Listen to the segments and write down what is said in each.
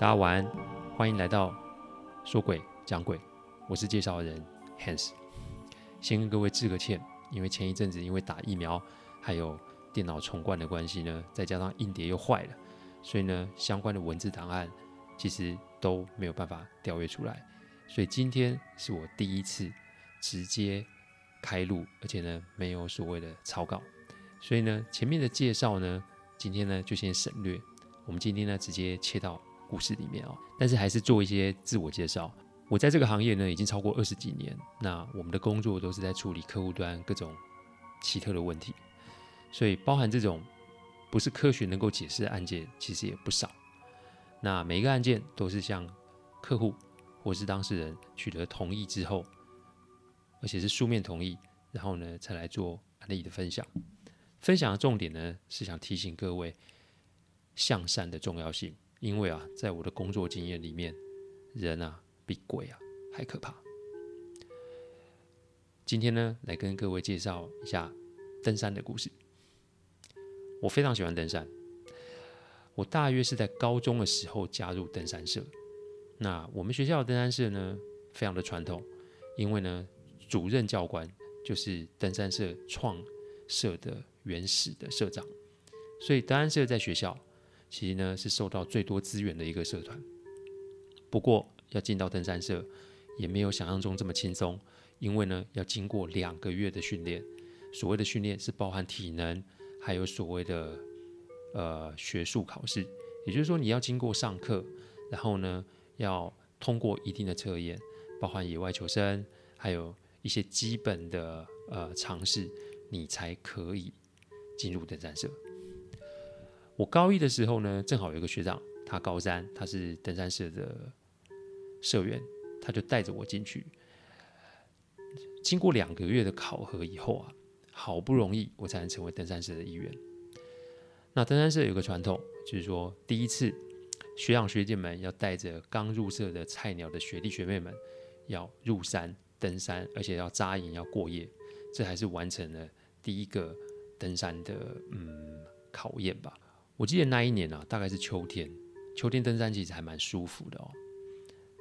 大家晚安，歡迎來到說詭講鬼，我是介紹的人 Hans。先跟各位致個歉，因為前一陣子因為打疫苗，還有電腦重灌的關係呢，再加上硬碟又壞了，所以呢相關的文字檔案其實都沒有辦法調閱出來。所以今天是我第一次直接開錄，而且呢沒有所謂的草稿，所以呢前面的介紹呢，今天呢就先省略。我們今天呢直接切到。故事裡面哦，但是還是做一些自我介紹。我在這個行業呢已經超過二十幾年。那我們的工作都是在處理客戶端各種奇特的問題，所以包含這種不是科學能夠解釋的案件，其實也不少。那每一個案件都是向客戶或是當事人取得同意之後，而且是書面同意，然後呢才來做案例的分享。分享的重點呢是想提醒各位向善的重要性。因為啊，在我的工作經驗裡面，人啊比鬼啊還可怕。今天呢，來跟各位介紹一下登山的故事。我非常喜歡登山。我大約是在高中的時候加入登山社。那我們學校的登山社呢，非常的傳統，因為呢，主任教官就是登山社創社的原始的社長，所以登山社在學校，其實呢，是受到最多資源的一個社團。不過，要進到登山社，也沒有想象中這麼輕鬆，因為呢，要經過兩個月的訓練。所謂的訓練是包含體能，還有所謂的呃學術考試。也就是說，你要經過上課，然後呢，要通過一定的測驗，包含野外求生，還有一些基本的呃常識，你才可以進入登山社。我高一的時候呢，正好有一個學長，他高三，他是登山社的社員，他就帶着我進去。經過兩個月的考核以後啊，好不容易我才能成為登山社的一員。那登山社有個傳統，就是說第一次學長學姐們要帶着剛入社的菜鳥的學弟學妹們要入山登山，而且要扎營要過夜。這還是完成了第一個登山的嗯考驗吧。我記得那一年啊，大概是秋天。秋天登山其實還蠻舒服的哦。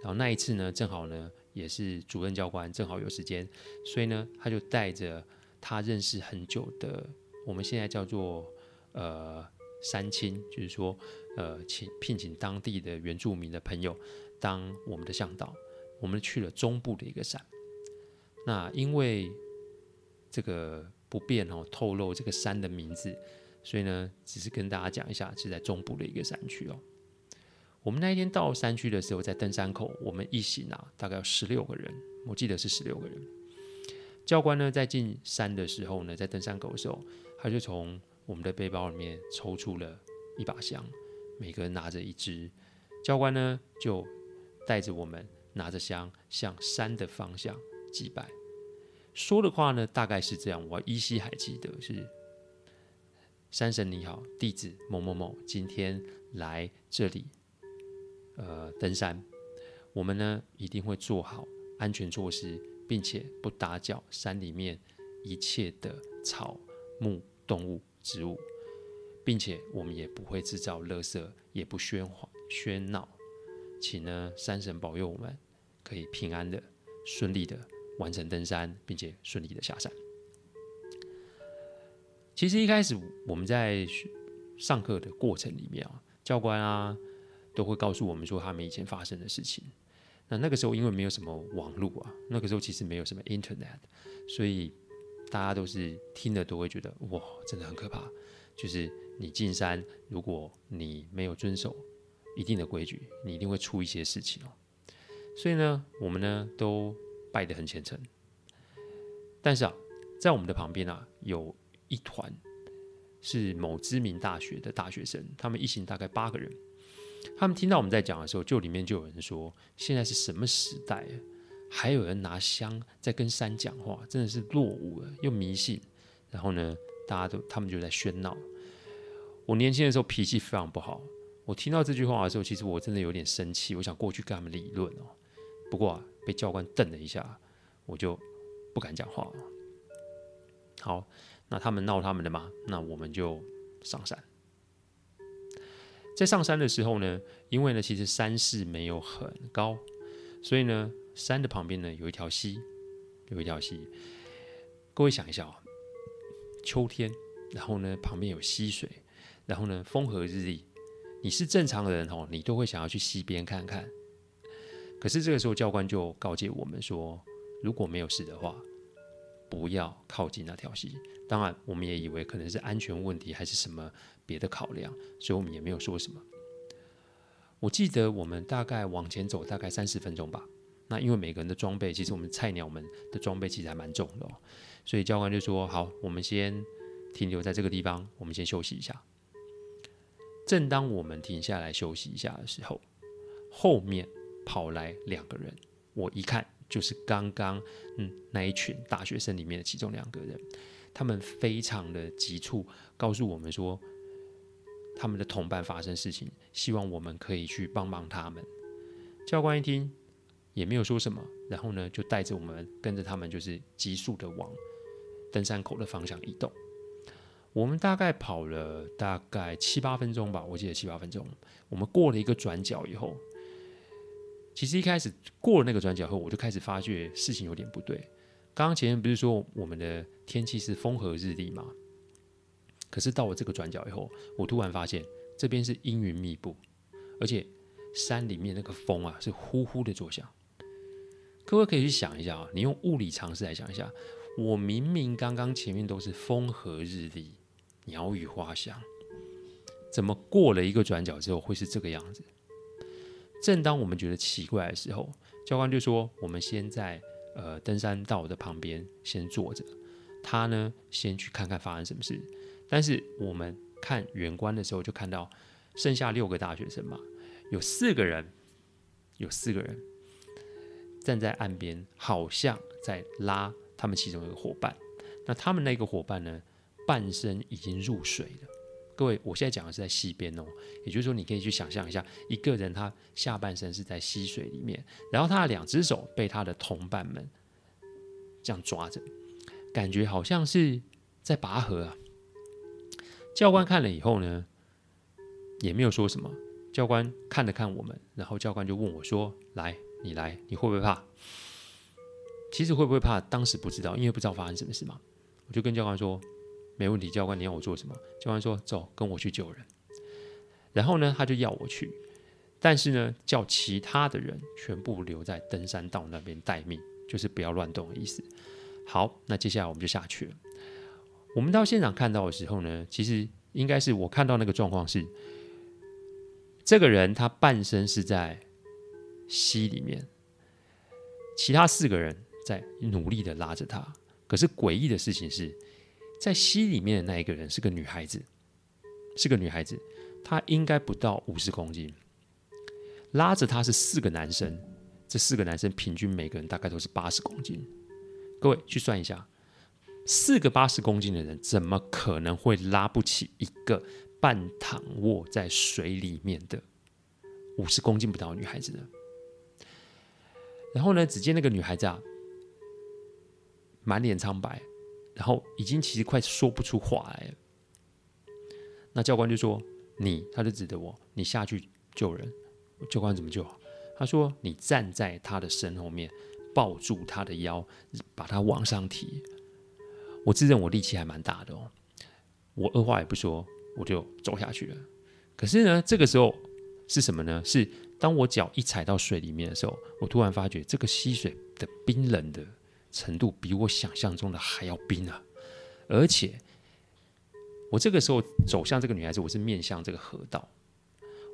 然後那一次呢，正好呢也是主任教官正好有時間，所以呢他就帶着他認識很久的，我們現在叫做呃山青，就是說呃請聘請當地的原住民的朋友當我們的向導。我們去了中部的一個山。那因為這個不便哦，透露這個山的名字。所以呢，只是跟大家講一下，是在中部的一個山區哦。我們那一天到山區的時候，在登山口，我們一行啊大概有十六個人，我記得是十六個人。教官呢在進山的時候呢，在登山口的時候，他就從我們的背包裡面抽出了一把香，每個人拿着一支。教官呢就帶着我們拿着香向山的方向祭拜，說的話呢大概是這樣，我依稀還記得是。山神你好，弟子某某某，今天來這裡，呃，登山。我們呢一定會做好安全措施，並且不打攪山裡面一切的草木、動物、植物，並且我們也不會製造垃圾，也不喧嘩喧鬧。請呢山神保佑我們，可以平安的、順利的完成登山，並且順利的下山。其實一開始我們在上課的過程裡面啊，教官啊都會告訴我們說他們以前發生的事情。那那個時候因為沒有什麼網路啊，那個時候其實沒有什麼 internet，啊，所以大家都是聽了都會覺得哇，真的很可怕。就是你進山，如果你沒有遵守一定的規矩，你一定會出一些事情哦。所以呢，我們呢都拜得很虔誠。但是啊，在我們的旁邊啊有。一團是某知名大學的大學生，他們一行大概八個人。他們聽到我們在講的時候，就裡面就有人說：“現在是什麼時代？還有人拿香在跟山講話，真的是落伍了，又迷信。”然後呢，大家都他們就在喧鬧。我年輕的時候脾氣非常不好，我聽到這句話的時候，其實我真的有點生氣，我想過去跟他們理論哦。不過啊，被教官瞪了一下，我就不敢講話了。好。那他們鬧他們的嗎？那我們就上山。在上山的時候呢，因為呢其實山勢沒有很高，所以呢山的旁邊呢有一條溪，有一條溪。各位想一下啊，秋天，然後呢旁邊有溪水，然後呢風和日麗，你是正常的人哦，你都會想要去溪邊看看。可是這個時候教官就告誡我們說，如果沒有事的話。不要靠近那條溪。當然，我們也以為可能是安全問題，還是什麼別的考量，所以我們也沒有說什麼。我記得我們大概往前走大概三十分鐘吧。那因為每個人的裝備，其實我們菜鳥們的裝備其實還蠻重的哦，所以教官就說：“好，我們先停留在這個地方，我們先休息一下。”正當我們停下來休息一下的時候，後面跑來兩個人，我一看。就是剛剛嗯，那一群大學生裡面的其中兩個人，他們非常的急促，告訴我們說他們的同伴發生事情，希望我們可以去幫幫他們。教官一聽也沒有說什麼，然後呢就帶着我們跟着他們，就是急速的往登山口的方向移動。我們大概跑了大概七八分鐘吧，我記得七八分鐘。我們過了一個轉角以後。其實一開始過了那個轉角後，我就開始發覺事情有點不對。剛剛前面不是說我們的天氣是風和日麗嗎？可是到了這個轉角以後，我突然發現這邊是陰雲密布，而且山裡面那個風啊是呼呼的作響。各位可以去想一下啊，你用物理常識來想一下，我明明剛剛前面都是風和日麗、鳥語花香，怎麼過了一個轉角之後會是這個樣子？正當我們覺得奇怪的時候，教官就說：“我們先在呃登山道的旁邊先坐着，他呢先去看看發生什麼事。”但是我們看遠觀的時候，就看到剩下六個大學生嘛，有四個人有四個人站在岸邊，好像在拉他們其中一個夥伴。那他們那個夥伴呢，半身已經入水了。各位，我現在講的是在溪邊哦，也就是說，你可以去想象一下，一個人他下半身是在溪水裡面，然後他的兩隻手被他的同伴們這樣抓着，感覺好像是在拔河啊。教官看了以後呢，也沒有說什麼。教官看了看我們，然後教官就問我說：“來，你來，你會不會怕？”其實會不會怕，當時不知道，因為不知道發生什麼事嘛。我就跟教官說。沒問題，教官，你要我做什麼？教官說：“走，跟我去救人。”然後呢，他就要我去，但是呢，叫其他的人全部留在登山道那邊待命，就是不要亂動的意思。好，那接下來我們就下去了。我們到現場看到的時候呢，其實應該是我看到那個狀況是，這個人他半身是在溪裡面，其他四個人在努力的拉着他。可是詭異的事情是，在溪裡面的那一個人是個女孩子，是個女孩子，她應該不到五十公斤。拉着她是四個男生，這四個男生平均每個人大概都是八十公斤。各位去算一下，四個八十公斤的人怎麼可能會拉不起一個半躺臥在水裡面的五十公斤不到的女孩子呢？然後呢，只見那個女孩子啊，滿臉蒼白。然後已經其實快說不出話來了。那教官就說：“你，他就指着我，你下去救人。”教官怎麼救？他說：“你站在他的身後面，抱住他的腰，把他往上提。”我自認我力氣還蠻大的哦，我二話也不說，我就走下去了。可是呢，這個時候是什麼呢？是當我腳一踩到水裡面的時候，我突然發覺這個溪水的，冰冷的，程度，比我想象中的還要冰啊！而且我這個時候走向這個女孩子，我是面向這個河道，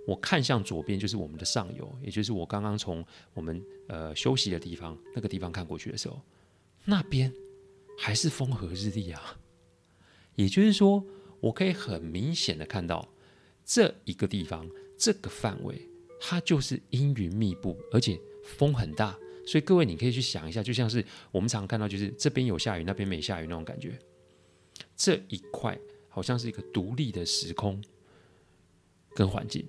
我看向左邊就是我們的上游，也就是我剛剛從我們呃休息的地方那個地方看過去的時候，那邊還是風和日麗啊。也就是說，我可以很明顯的看到這一個地方這個範圍，它就是陰雲密布，而且風很大。所以各位，你可以去想一下，就像是我們常看到，就是這邊有下雨，那邊沒下雨那種感覺，這一塊好像是一個獨立的時空跟環境。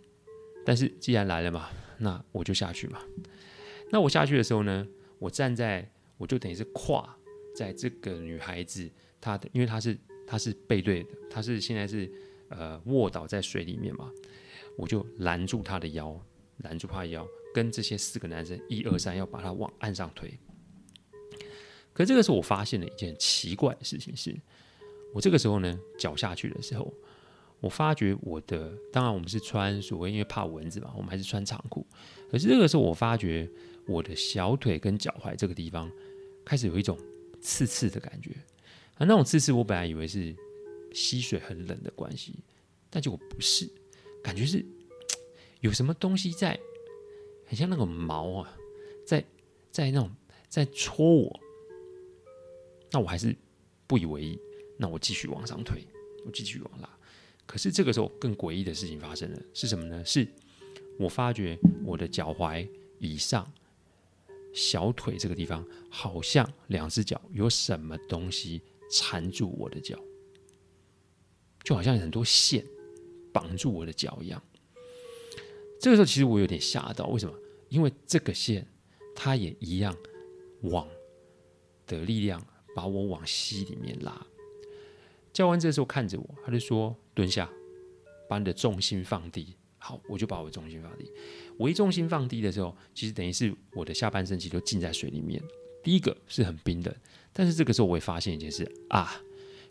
但是既然來了嘛，那我就下去嘛。那我下去的時候呢，我站在，我就等於是跨在這個女孩子，她的，因為她是她是背對的，她是現在是呃臥倒在水裡面嘛，我就攔住她的腰，攔住她的腰。跟這些四個男生，一二三，要把它往岸上推。可是這個時候，我發現了一件很奇怪的事情是：是我這個時候呢，腳下去的時候，我發覺我的……當然，我們是穿所謂因為怕蚊子嘛，我們還是穿長褲。可是這個時候，我發覺我的小腿跟腳踝這個地方開始有一種刺刺的感覺。那種刺刺，我本來以為是溪水很冷的關係，但結果不是，感覺是有什麼東西在。很像那個毛啊，在在那種在戳我，那我還是不以為意，那我繼續往上推，我繼續往拉。可是這個時候更詭異的事情發生了，是什麼呢？是我發覺我的腳踝以上、小腿這個地方，好像兩隻腳有什麼東西纏住我的腳，就好像有很多線綁住我的腳一樣。這個時候其實我有點嚇到，為什麼？因為這個線，它也一樣，往的力量把我往溪裡面拉。教官這個時候看着我，他就說：“蹲下，把你的重心放低。”好，我就把我的重心放低。我一重心放低的時候，其實等於是我的下半身其實都浸在水裡面。第一個是很冰冷，但是這個時候我會發現一件事啊，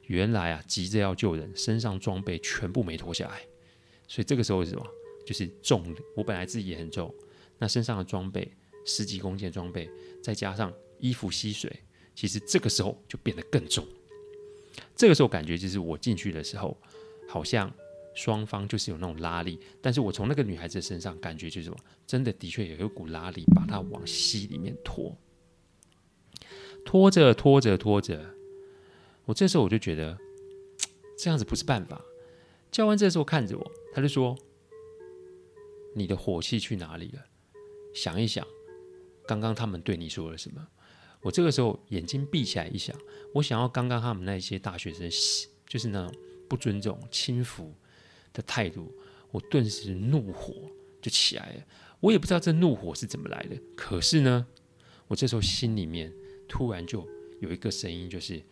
原來啊急着要救人，身上裝備全部沒脫下來，所以這個時候是什麼？就是重，我本來自己也很重，那身上的裝備十幾公斤的裝備，再加上衣服吸水，其實這個時候就變得更重。這個時候感覺就是我進去的時候，好像雙方就是有那種拉力，但是我從那個女孩子身上感覺就是，真的的確有一股拉力把她往溪裡面拖，拖着拖着拖着，我這時候我就覺得這樣子不是辦法。教官這時候看着我，他就說。你的火氣去哪裡了？想一想，剛剛他們對你說了什麼？我這個時候眼睛閉起來一想，我想要剛剛他們那些大學生，就是那種不尊重、輕浮的態度，我頓時怒火就起來了。我也不知道這怒火是怎麼來的，可是呢，我這時候心裡面突然就有一個聲音，就是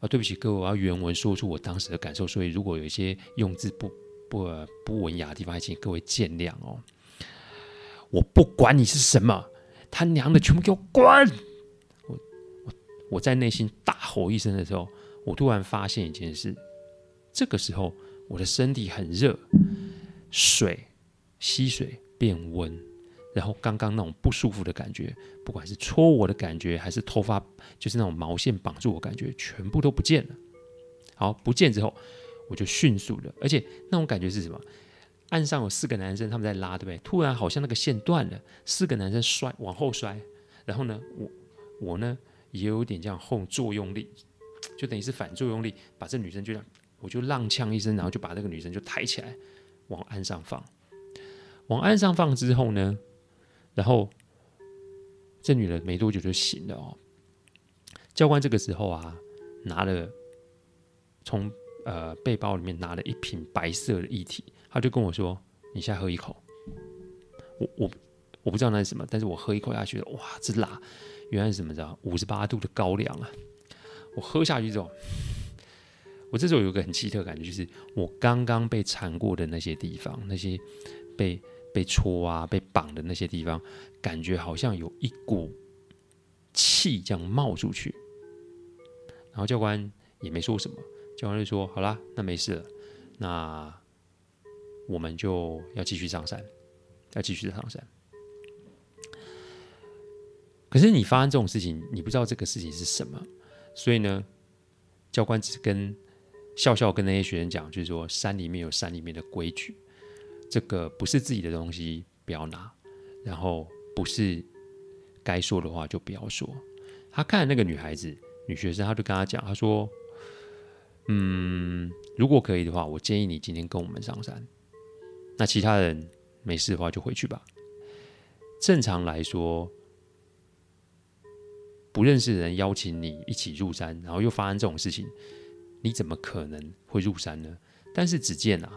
啊，對不起各位，我要原文說出我當時的感受，所以如果有一些用字不。不不文雅的地方，還請各位見諒哦。我不管你是什麼，他娘的，全部給我滾！我我，我在內心大吼一聲的時候，我突然發現一件事，這個時候我的身體很熱，水吸水變溫，然後剛剛那種不舒服的感覺，不管是戳我的感覺，還是頭髮就是那種毛線綁住我感覺，全部都不見了。好，不見之後。我就迅速的，而且那種感覺是什麼？岸上有四個男生，他們在拉，對不對？突然好像那個線斷了，四個男生摔，往後摔。然後呢，我我呢也有點這樣後作用力，就等於是反作用力，把這女生就這樣，我就踉蹌一聲，然後就把這個女生就抬起來，往岸上放。往岸上放之後呢，然後這女的沒多久就醒了哦。教官這個時候啊，拿了從。呃，背包裡面拿了一瓶白色的液體，他就跟我說：“你先喝一口。”我我我我不知道那是什麼，但是我喝一口下去，哇，這辣！原來是什麼着、啊？五十八度的高粱啊！我喝下去之後，我這時候有個很奇特的感覺，就是我剛剛被纏過的那些地方，那些被被戳啊、被綁的那些地方，感覺好像有一股氣這樣冒出去。然後教官也沒說什麼。教官就說：“好啦，那沒事了，那我們就要繼續上山，要繼續的上山。可是你發生這種事情，你不知道這個事情是什麼，所以呢，教官只跟笑笑跟那些學生講，就是說山裡面有山裡面的規矩，這個不是自己的東西不要拿，然後不是該說的話就不要說。他看那個女孩子、女學生，他就跟他講，他說。”嗯，如果可以的話，我建議你今天跟我們上山。那其他人沒事的話就回去吧。正常來說，不認識的人邀請你一起入山，然後又發生這種事情，你怎麼可能會入山呢？但是只見啊，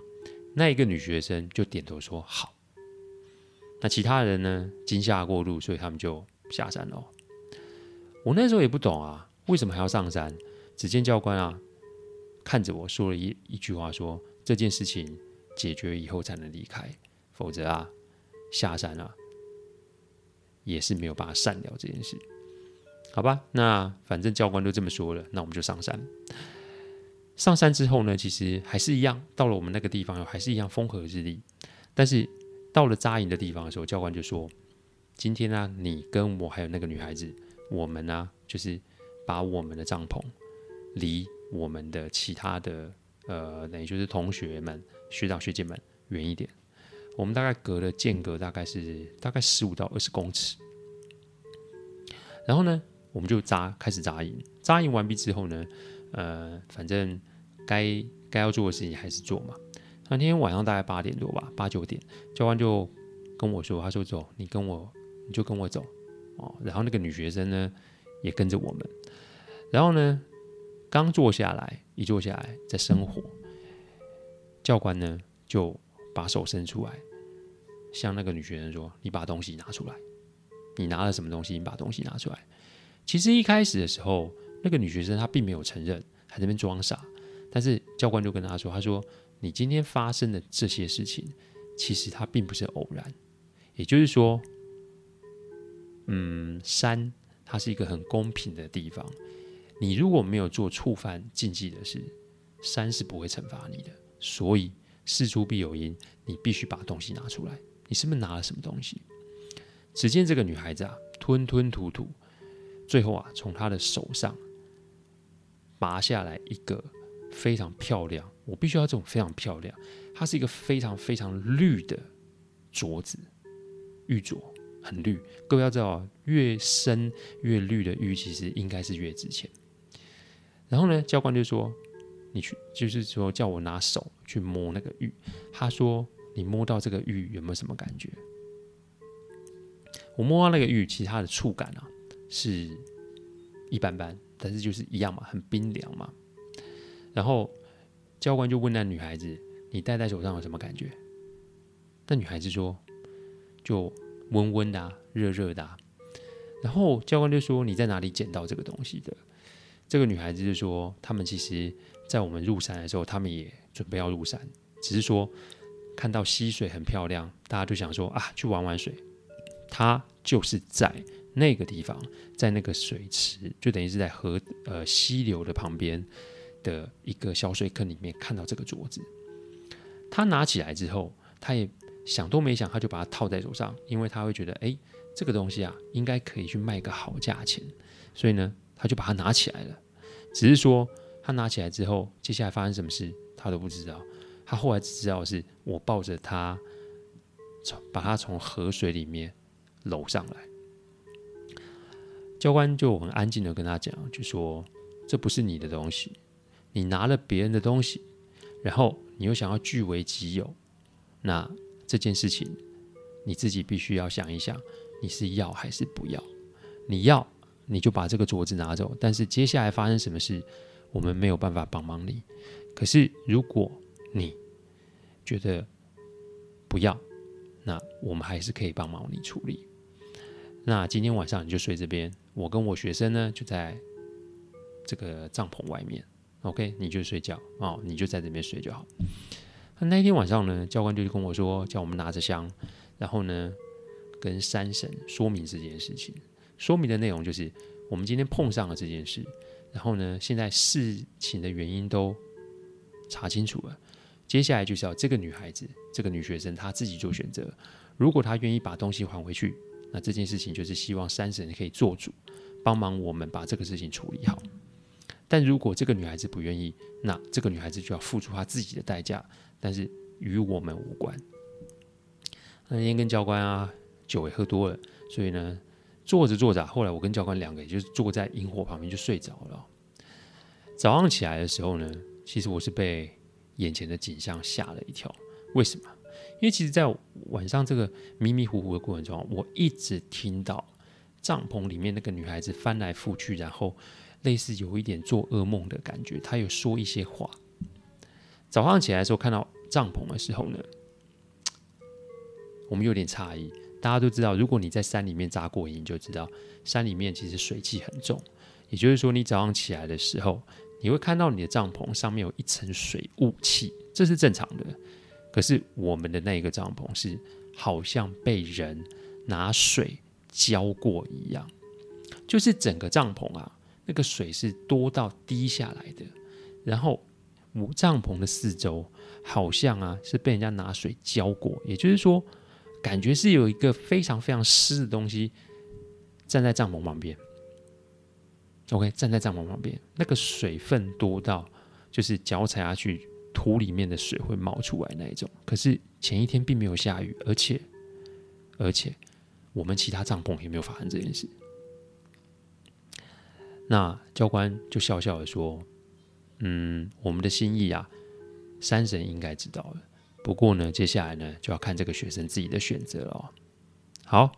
那一個女學生就點頭說好。那其他人呢？驚嚇過度，所以他們就下山了。我那時候也不懂啊，為什麼還要上山？只見教官啊。看着我說了一一句話說，說這件事情解決以後才能離開，否則啊下山了、啊、也是沒有辦法善了這件事。好吧，那反正教官都這麼說了，那我們就上山。上山之後呢，其實還是一樣，到了我們那個地方，還是一樣風和日麗。但是到了扎營的地方的時候，教官就說：“今天呢、啊，你跟我還有那個女孩子，我們呢、啊、就是把我們的帳篷離。”我們的其他的呃，等於就是同學們、學長學姐們遠一點，我們大概隔了間隔大概是大概十五到二十公尺。然後呢，我們就扎開始扎營，扎營完畢之後呢，呃，反正該該要做的事情還是做嘛。那天晚上大概八點多吧，八九點，教官就跟我說，他說走，你跟我，你就跟我走哦。然後那個女學生呢，也跟着我們，然後呢。剛坐下來，一坐下來在生火，教官呢就把手伸出來，向那個女學生說：“你把東西拿出來，你拿了什麼東西？你把東西拿出來。”其實一開始的時候，那個女學生她並沒有承認，還在那邊裝傻。但是教官就跟她說：“她說你今天發生的這些事情，其實它並不是偶然。也就是說，嗯，山它是一個很公平的地方。”你如果沒有做觸犯禁忌的事，山是不會懲罰你的。所以事出必有因，你必須把東西拿出來。你是不是拿了什麼東西？只見這個女孩子啊，吞吞吐吐，最後啊，從她的手上拔下來一個非常漂亮，我必須要這種非常漂亮。它是一個非常非常綠的鐲子，玉鐲很綠。各位要知道，越深越綠的玉其實應該是越值錢。然後呢，教官就說：“你去，就是說叫我拿手去摸那個玉。他說：‘你摸到這個玉有沒有什麼感覺？’我摸到那個玉，其實它的觸感啊是一般般，但是就是一樣嘛，很冰涼嘛。然後教官就問那女孩子：‘你戴在手上有什麼感覺？’那女孩子說：‘就溫溫的啊，熱熱的啊。’然後教官就說：‘你在哪裡撿到這個東西的？’”這個女孩子就是說，他們其實，在我們入山的時候，他們也準備要入山，只是說看到溪水很漂亮，大家就想說啊，去玩玩水。她就是在那個地方，在那個水池，就等於是在河呃溪流的旁邊的一個小水坑裡面看到這個鐲子。她拿起來之後，她也想都沒想，她就把它套在手上，因為她會覺得，哎，這個東西啊，應該可以去賣個好價錢。所以呢。他就把它拿起來了，只是說他拿起來之後，接下來發生什麼事他都不知道。他後來只知道是我抱着他，從把他從河水裡面摟上來。教官就很安靜地跟他講，就說：“這不是你的東西，你拿了別人的東西，然後你又想要據為己有，那這件事情你自己必須要想一想，你是要還是不要？你要。”你就把這個鐲子拿走，但是接下來發生什麼事，我們沒有辦法幫忙你。可是如果你覺得不要，那我們還是可以幫忙你處理。那今天晚上你就睡這邊，我跟我學生呢就在這個帳篷外面，OK？你就睡覺哦，你就在這邊睡就好。那一天晚上呢，教官就就跟我說，叫我們拿着香，然後呢跟山神說明這件事情。說明的內容就是，我們今天碰上了這件事，然後呢，現在事情的原因都查清楚了，接下來就是要這個女孩子，這個女學生她自己做選擇。如果她願意把東西還回去，那這件事情就是希望山神可以做主，幫忙我們把這個事情處理好。但如果這個女孩子不願意，那這個女孩子就要付出她自己的代價，但是與我們無關。那天跟教官啊，酒也喝多了，所以呢。坐着坐着、啊，後來我跟教官兩個也就是坐在營火旁邊就睡着了，哦。早上起來的時候呢，其實我是被眼前的景象嚇了一跳。為什麼？因為其實，在晚上這個迷迷糊糊的過程中，我一直聽到帳篷裡面那個女孩子翻來覆去，然後類似有一點做噩夢的感覺。她有說一些話。早上起來的時候看到帳篷的時候呢，我們有點詫異。大家都知道，如果你在山裡面紮過營，就知道山裡面其實水氣很重。也就是說，你早上起來的時候，你會看到你的帳篷上面有一層水霧氣，這是正常的。可是我們的那個帳篷是好像被人拿水澆過一樣，就是整個帳篷啊，那個水是多到滴下來的，然後我帳篷的四周好像啊是被人家拿水澆過，也就是說。感覺是有一個非常非常濕的東西站在帳篷旁邊，OK，站在帳篷旁邊，那個水分多到就是腳踩下去，土裡面的水會冒出來那一種。可是前一天並沒有下雨，而且而且我們其他帳篷也沒有發生這件事。那教官就笑笑的說：“嗯，我們的心意啊，山神應該知道了。”不過呢，接下來呢就要看這個學生自己的選擇了哦。好，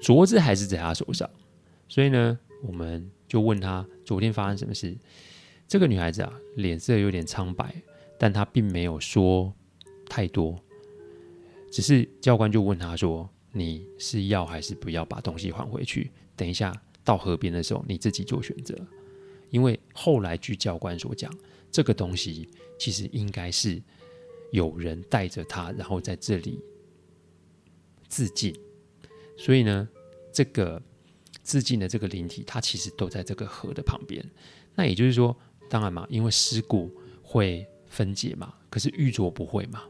鐲子還是在他手上，所以呢，我們就問他昨天發生什麼事。這個女孩子啊，臉色有點蒼白，但她並沒有說太多。只是教官就問她說：“你是要還是不要把東西還回去？等一下到河邊的時候，你自己做選擇。”因為後來據教官所講，這個東西其實應該是。有人帶着他，然後在這裡自盡。所以呢，這個自盡的這個靈體，它其實都在這個河的旁邊。那也就是說，當然嘛，因為屍骨會分解嘛，可是玉鐲不會嘛，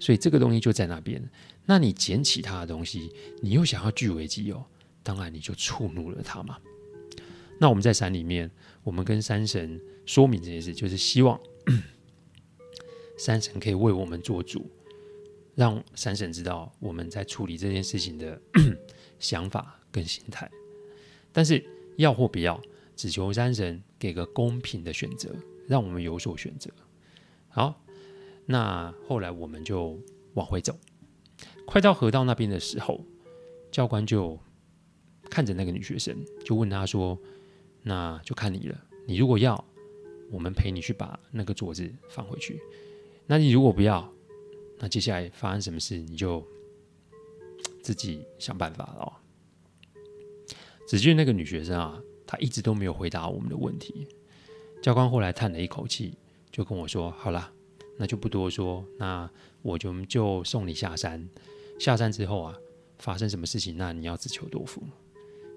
所以這個東西就在那邊。那你撿起他的東西，你又想要據為己有，當然你就觸怒了他嘛。那我們在山裡面，我們跟山神說明這件事，就是希望。山神可以為我們做主，讓山神知道我們在處理這件事情的 想法跟心態。但是要或不要，只求山神給個公平的選擇，讓我們有所選擇。好，那後來我們就往回走。快到河道那邊的時候，教官就看着那個女學生，就問她說：“那就看你了。你如果要，我們陪你去把那個鐲子放回去。”那你如果不要，那接下來發生什麼事你就自己想辦法咯。至於那個女學生啊，她一直都沒有回答我們的問題。教官後來嘆了一口氣，就跟我說：“好啦，那就不多說，那我就就送你下山。下山之後啊，發生什麼事情，那你要自求多福。”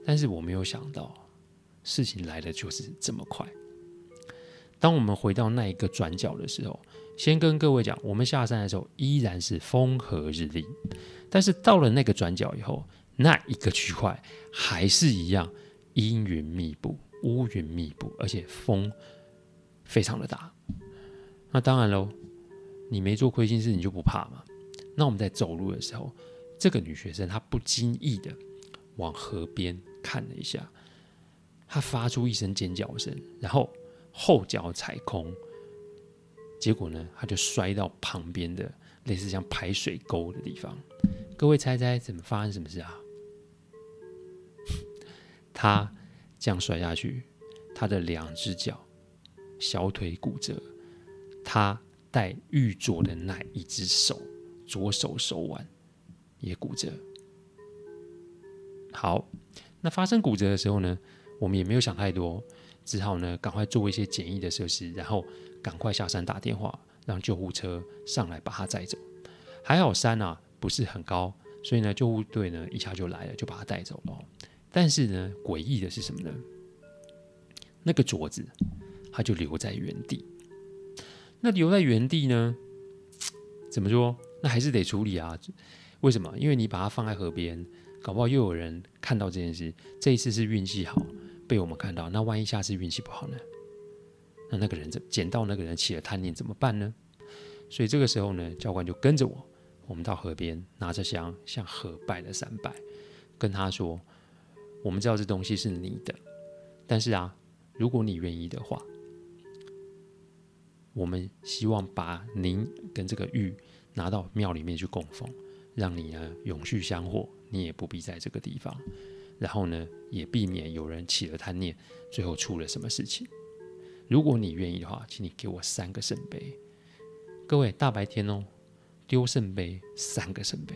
但是我沒有想到，事情來的就是這麼快。當我們回到那一個轉角的時候，先跟各位講，我們下山的時候依然是風和日麗，但是到了那個轉角以後，那一個區塊還是一樣陰雲密布、烏雲密布，而且風非常的大。那當然嘍，你沒做虧心事，你就不怕嘛。那我們在走路的時候，這個女學生她不經意的往河邊看了一下，她發出一聲尖叫聲，然後。後腳踩空，結果呢，他就摔到旁邊的類似像排水溝的地方。各位猜猜怎麼發生什麼事啊？他這樣摔下去，他的兩只腳、小腿骨折，他戴玉鐲的那一只手，左手手腕也骨折。好，那發生骨折的時候呢，我們也沒有想太多。只好呢，趕快做一些簡易的設施，然後趕快下山打電話，讓救護車上來把他載走。還好山啊不是很高，所以呢，救護隊呢一下就來了，就把他帶走了。但是呢，詭異的是什麼呢？那個鐲子，它就留在原地。那留在原地呢，怎麼說？那還是得處理啊。為什麼？因為你把它放在河邊，搞不好又有人看到這件事。這一次是運氣好。被我們看到，那萬一下次運氣不好呢？那那個人撿到，那個人起了貪念怎麼辦呢？所以這個時候呢，教官就跟着我，我們到河邊拿着香向河拜了三拜，跟他說：“我們知道這東西是你的，但是啊，如果你願意的話，我們希望把您跟這個玉拿到廟裡面去供奉，讓你呢永續香火，你也不必在這個地方。”然後呢，也避免有人起了貪念，最後出了什麼事情。如果你願意的話，請你給我三個聖杯。各位，大白天哦，丟聖杯，三個聖杯。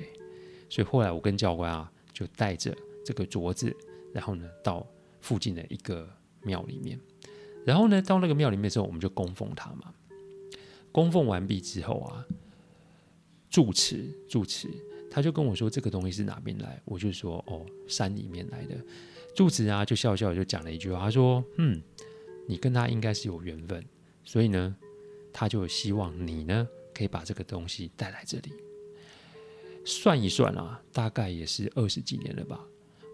所以後來我跟教官啊，就帶着這個鐲子，然後呢，到附近的一個廟裡面，然後呢，到那個廟裡面之後，我們就供奉他嘛。供奉完畢之後啊，住持，住持。他就跟我說：“這個東西是哪邊來？”我就說：“哦，山裡面來的。”住持啊，就笑笑，就講了一句話：“他說，嗯，你跟他應該是有緣分，所以呢，他就希望你呢，可以把這個東西帶來這裡，算一算啊，大概也是二十幾年了吧。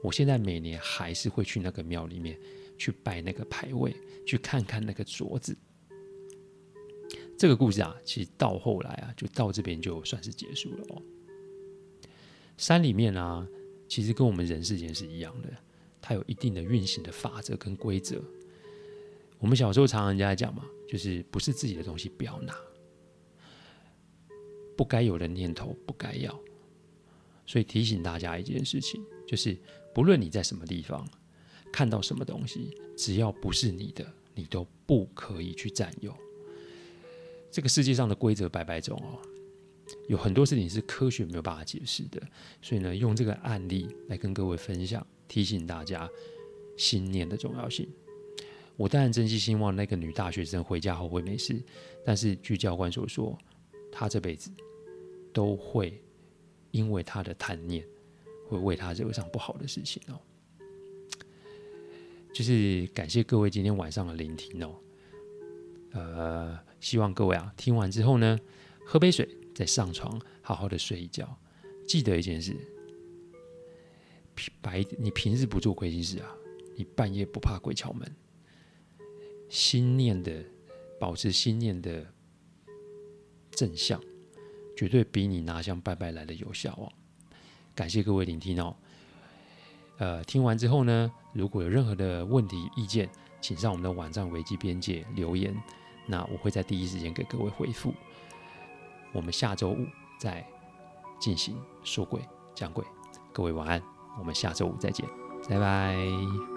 我現在每年還是會去那個廟裡面去拜那個牌位，去看看那個鐲子。這個故事啊，其實到後來啊，就到這邊就算是結束了哦。”山裡面啊，其實跟我們人世間是一樣的，它有一定的運行的法則跟規則。我們小時候常人家講嘛，就是不是自己的東西不要拿，不該有的念頭不該要。所以提醒大家一件事情，就是不論你在什麼地方看到什麼東西，只要不是你的，你都不可以去佔有。這個世界上的規則百百種哦。有很多事情是科學沒有辦法解釋的，所以呢，用這個案例來跟各位分享，提醒大家信念的重要性。我當然真心希望那個女大學生回家後會沒事。但是據教官所說，她這輩子都會因為她的貪念，會為她惹上不好的事情哦。就是感謝各位今天晚上的聆聽哦。呃，希望各位啊，聽完之後呢，喝杯水。在上床，好好的睡一覺。記得一件事：平白你平日不做虧心事啊，你半夜不怕鬼敲門。心念的保持，心念的正向，絕對比你拿香拜拜來的有效哦。感謝各位聆聽哦。呃，聽完之後呢，如果有任何的問題意見，請上我們的網站《維基邊界》留言，那我會在第一時間給各位回復。我們下周五再進行說詭講鬼，各位晚安，我們下周五再見，拜拜。